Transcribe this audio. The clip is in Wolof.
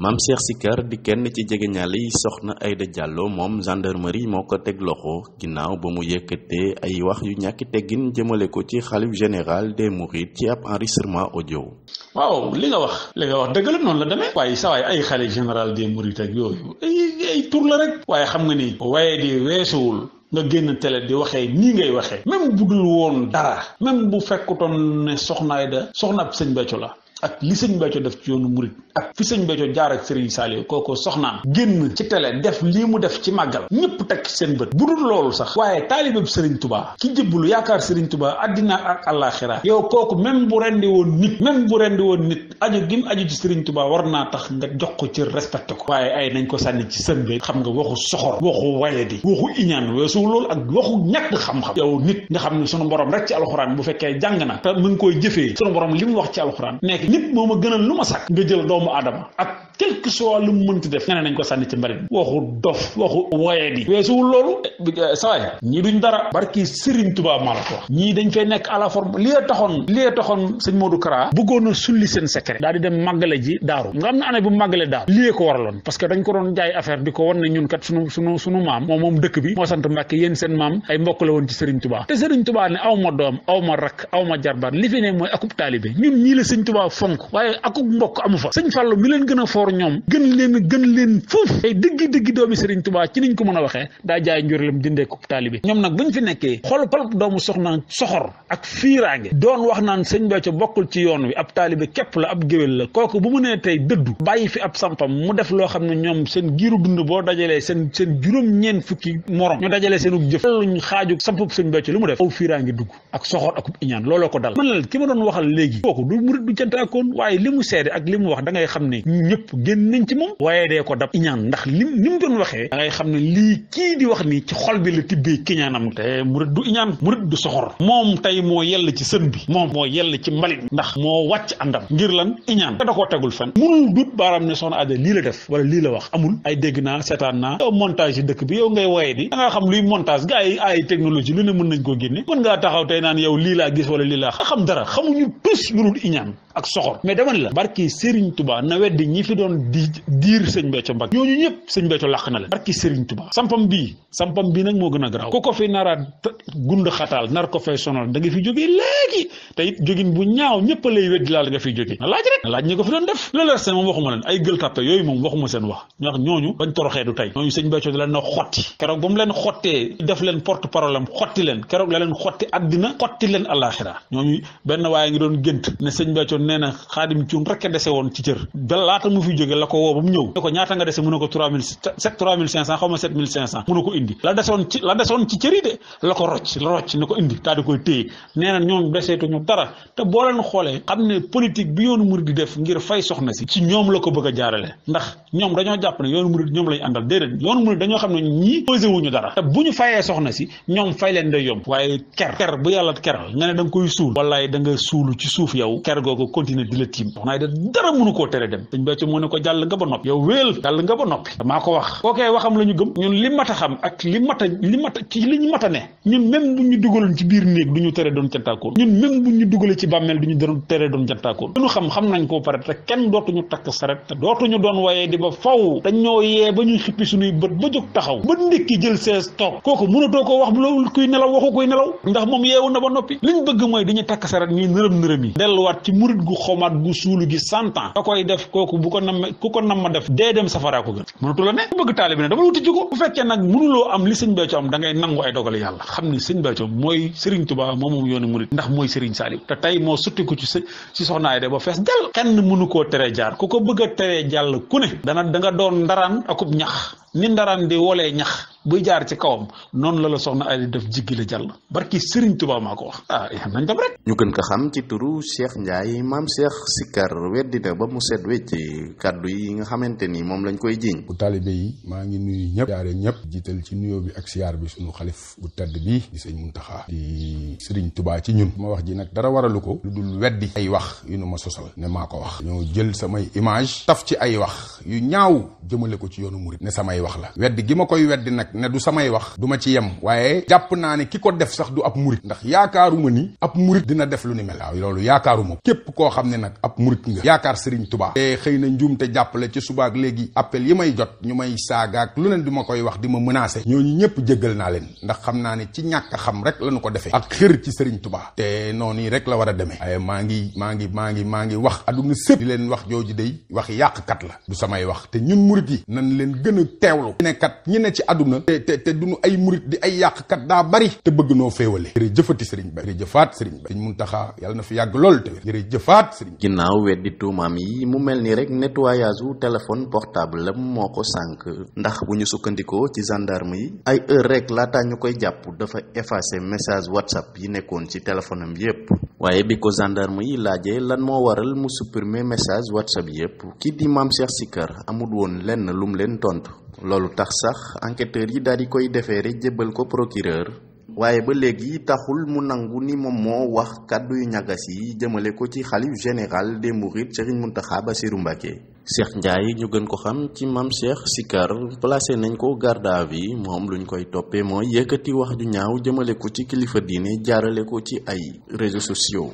maam Cheikh Sikar di kenn ci jegeñaale yi soxna Aida Diallo moom gendarmerie moo ko teg loxo ginnaaw ba mu yëkkatee ay wax yu ñàkki teggin jëmale ko ci xalif général des mourides ci ab enregistrement audio. waaw li nga wax. li nga wax dëgg la noonu la demee. waaye saa waay ay xale général des mourides ak yooyu ay ay rek. waaye xam nga ni. waaye di weesuwul. nga génn télé di waxee nii ngay waxee. même bu dul woon dara. même bu fekkutoon ne soxna Aida. soxna ab sëñ Béthio la. ak li sëñ Béthio def ci yoonu murit ak fi sëñ Béthio jaar ak Serigne Saliou kooko soxnaam génn ci télé def li mu def ci màggal ñëpp teg seen bët bu dul loolu sax waaye taalibe bi Serigne Touba ki jëbbalu yaakaar Serigne tubaa àddina ak àllaaxira yow kooku même bu rendi woon nit même bu rendi woon nit aju gim aju ci Serigne Touba war naa tax nga jox ko ci respecté ko waaye ay nañ ko sànni ci sën bi xam nga waxu soxor waxu wayadi waxu iñaan weesu loolu ak waxu ñàkk xam-xam yow nit nga xam ne sunu borom rek ci alxuraan bu fekkee jàng na te mu ngi jëfee sunu borom li mu wax ci alxuraan lépp moo ma gënal lu ma sàkk nga jël doomu aadama ak quel que soit lu mu mënti def nga ne nañ ko sànni ci mbalit waxu dof waxu woye di weesuwul loolu eh, eh, sawaay ñii duñ dara barki Serigne Touba maa la ko wax ñii dañ fay nekk à la li taxoon a sulli seen secret ne mooy akub taalibe ñun ñii la sëñ Touba fonk waaye akub mbokk amu fa sëñ Fallou mi leen gën a foor for ñoom gën leen gën leen fuuf tey dëgg dëgg doomi Serigne Touba ci niñ ko mën a waxee daa jaay njurlem dindee ko taalibe ñoom nag buñ fi nekkee xol palp doomu soxna soxor ak fiiraange doon wax naan sëñ Béthio bokkul ci yoon wi ab taalibe képp la ab géwél la kooku bu mu nee tey dëddu bàyyi fi ab sampam mu def loo xam ne ñoom seen giiru dund boo dajalee seen seen juróom-ñeen fukki morom ñu dajalee seen ug jëf luñ xaaju sampub sëñ Béthio lu mu def aw fiiraange dugg ak soxor ak iñaan looloo ko la ki li mu da génn nañ ci moom waaye dee ko dab iñaan ndax lim ni doon waxee da xam ne lii kii di wax nii ci xol bi la tibbee kiñaanam te murid du iñaan murid du soxor moom tey moo yell ci sën bi moom moo yell ci mbalit ndax moo wàcc àndam ngir lan iñaan te da koo tegul fen munul dut baaraam ne soxna Adja lii la def wala lii la wax amul ay dégg naa seetaan naa yow montage yi dëkk bi yow ngay woyee di da ngaa xam luy montage gars yi ay technologie lu ne mën nañ koo génne mën ngaa tey naan yow lii laa gis wala lii xam dara xamuñu tus lu iñaan doon di diir sëñ Béthio Mbacke ñooñu ñëpp sëñ Béthio làq na leen barki Serigne Touba sampam bii sampam bii nag moo gën a garaaw ku ko fi nara gund nar ko fay sonal da nga fi jógee léegi te it jógin bu ñaaw ñëpp a lay weddi laal nga fiy jógee na laaj rek na laaj ñi ko fi doon def la leer moom waxuma leen ay gël tàppe yooyu moom waxuma seen wax ñax ñooñu bañ toroxee du tey ñooñu sëñ Béthio da leen a xotti keroog ba mu leen xottee def leen porte parole am xotti leen keroog la leen xotti àddina xotti leen alaxira ñooñu benn waaye ngi doon gént ne sëñ Béthio nee na xaadim cuun dese woon ci fi ko ñaata nga dese mu ne ko trois mille cinq cinq cent mu ne ko indi la desoon ci cëri de la ko rocc la rocc ne ko indi daal di koy téye nee na ñoom deseetuñu dara te boo leen xoolee xam ne politique bi yoonu murid di def ngir fay soxna si ci ñoom la ko bëgg a jaarale ndax ñoom dañoo jàpp ne yoonu murid ñoom dañoo xam ne ñii posé dara te bu ñu fayee soxna si ñoom fay leen day yomb waaye ker ker bu yàlla keral nga ne da nga koy suul wallaay da nga suulu ci suuf yow mu ne ko jàll nga ba noppi yow wéel jàll nga ba noppi maa ko wax kookee waxam la gëm ñun li mat a xam ak li mat a li mat a ci li ñu a ne ñun même bu ñu dugaloon ci biir néeg du ñu tere doon jantaakoon ñun xam xam nañ ko pare te kenn dootuñu takk saret te dootuñu doon wayee di ba faw dañ yee ba ñuy xippi suñuy bët ba jóg taxaw ba ndékki jël sees toog kooku mënatoo ko wax loolu kuy nelaw waxu kuy nelaw ndax moom yeewu a ba noppi liñ bëgg mooy dañuy takk saret ñuy nërëm nam ku ko nam ma def dee dem safaraa ko gën mënatu la ne ku bëgg taalibi ne dama wuti ji ko bu fekkee nag mënuloo am li sëñ Béthio am da ngay nangu ay dogal yàlla xam ni sëñ Béthio mooy Serigne Touba moom moom yoonu murit ndax mooy Serigne Saliou te tey moo suttiku ci si soxna Aida ba fees dal kenn mënu koo teree jaar ku ko bëgg a teree jàll ku ne dana da nga doon ndaraan akub ñax ni ndaraan di wolee ñax buy jaar ci kawam noonu la la soxna ay def jiggi la jàll barki Serigne Touba maa ko wax ah nañ dem rek. ñu gën ko xam ci turu Cheikh Ndiaye maam Cheikh Sikar weddi na ba mu set wecc kàddu yi nga xamante ni moom lañ koy jiiñ. bu taalibe yi maa ngi nuyu ñëpp ñëpp jiital ci nuyo bi ak siyaar bi suñu xalif bu tedd bi di sëñ Muntaxa di Serigne Touba ci ñun. ma wax ji nag dara waralu ko lu dul weddi ay wax yu nu ma sosal ne maa ko wax. ñoo jël samay image taf ci ay wax yu ñaaw jëmale ko ci yoonu samay wax la nag ne du samay wax du ci yem waaye jàpp naa ne ki ko def sax du ab murit ndax yaakaaruma ni ab murit dina def lu ni mel loolu yaakaaruma képp koo xam ne nag ab murit nga yaakaar Serigne Touba te xëy na njuum te jàppale ci subaak léegi appel yi may jot ñu may saagaak lu leen duma koy wax di ma menacé ñooñu ñëpp jéggal naa leen ndax xam naa ne ci ñàkk xam rek lañu ko defee ak xër ci Serigne Touba te noonu rek la war a demee maa ngi maa ngi maa ngi maa ngi wax aduna sëpp di leen wax jooju day wax yàqkat la du samay wax te ñun murit yi nan leen gën a teewlu na te te te duñu ay murit di ay yàqkat daa bari te bëgg noo féewale jërë jëfati sëriñ ba jërë jëfaat sëriñ ba sëriñ Muntaxa yàlla na fi yàgg lool te jërë jëfaat sëriñ ginnaaw weddi tuumaam yi mu mel nii rek nettoyage wu téléphone portable la moo ko sànk ndax bu ñu sukkandikoo ci gendarme yi ay heure rek laataa ñu koy jàpp dafa effacer message whatsapp yi nekkoon ci téléphone am yépp waaye bi ko gendarme yi laajee lan moo waral mu supprimer message whatsapp yëpp kii di maam Cheikh kër amul woon lenn lum leen tontu loolu tax sax enquêteurs yi daal di koy defeere jëbbal ko procureur. waaye ba léegi taxul mu nangu ni moom moo wax kàddu yu ñagas yi jëmale ko ci xalif général des mourides Serigne Mountakha Bassirou Mbacké Cheikh Ndiaye ñu gën ko xam ci Mame Cheikh Sikar placé nañ ko garde à vue moom luñ koy toppee mooy yëkkati wax ju ñaaw jëmale ko ci kilifa diine jaarale ko ci ay réseaux sociaux